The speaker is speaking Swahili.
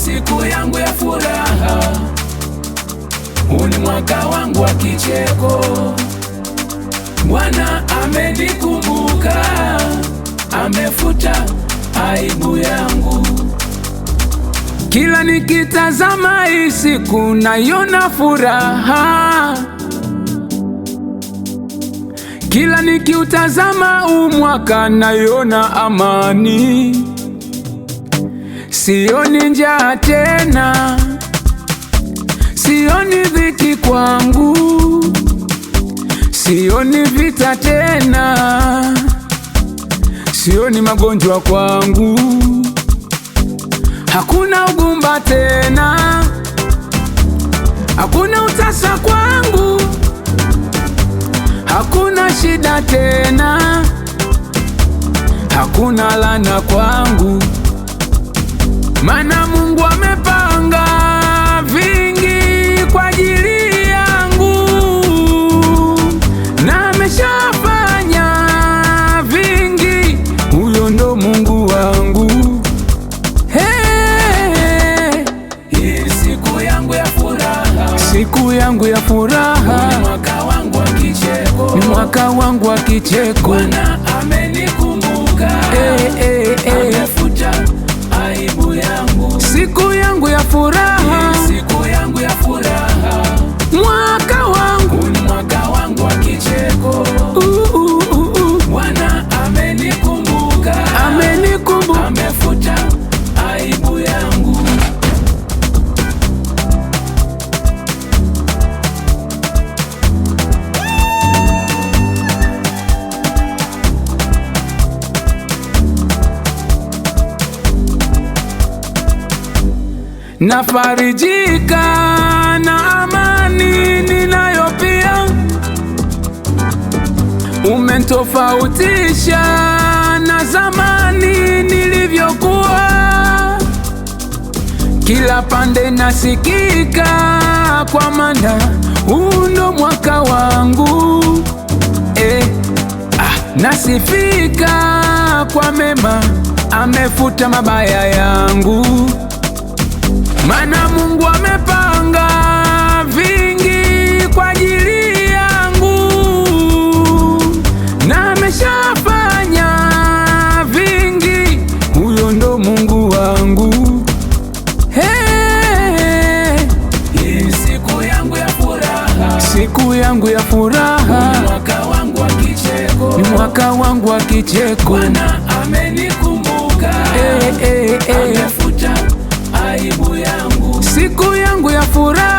siku yangu ya furaha, huu ni mwaka wangu wa kicheko. Bwana amenikumbuka, amefuta aibu yangu. Kila nikitazama hii siku naiona furaha, kila nikiutazama huu mwaka naiona amani Sioni njaa tena, sioni dhiki kwangu, sioni vita tena, sioni magonjwa kwangu, hakuna ugumba tena, hakuna utasa kwangu, hakuna shida tena, hakuna laana kwangu. Mana Mungu amepanga vingi kwa ajili yangu na ameshafanya vingi, huyo ndo Mungu wangu. Hey, hey. Siku yangu ya furaha, siku yangu ya furaha, mwaka wangu wa kicheko, ni mwaka wangu wa kicheko, Bwana amenikumbuka hey. nafarijika na amani ninayo pia, umentofautisha na zamani nilivyokuwa, kila pande nasikika, kwa maana huu ndo mwaka wangu eh, ah, nasifika kwa mema, amefuta mabaya yangu Mana Mungu amepanga vingi kwa ajili yangu na ameshafanya vingi, huyo ndo Mungu wangu. Siku yangu ya furaha, mwaka wangu wa kicheko, mwaka wangu wa kicheko. Bwana amenikumbuka. Hey, hey, hey siku yangu ya furaha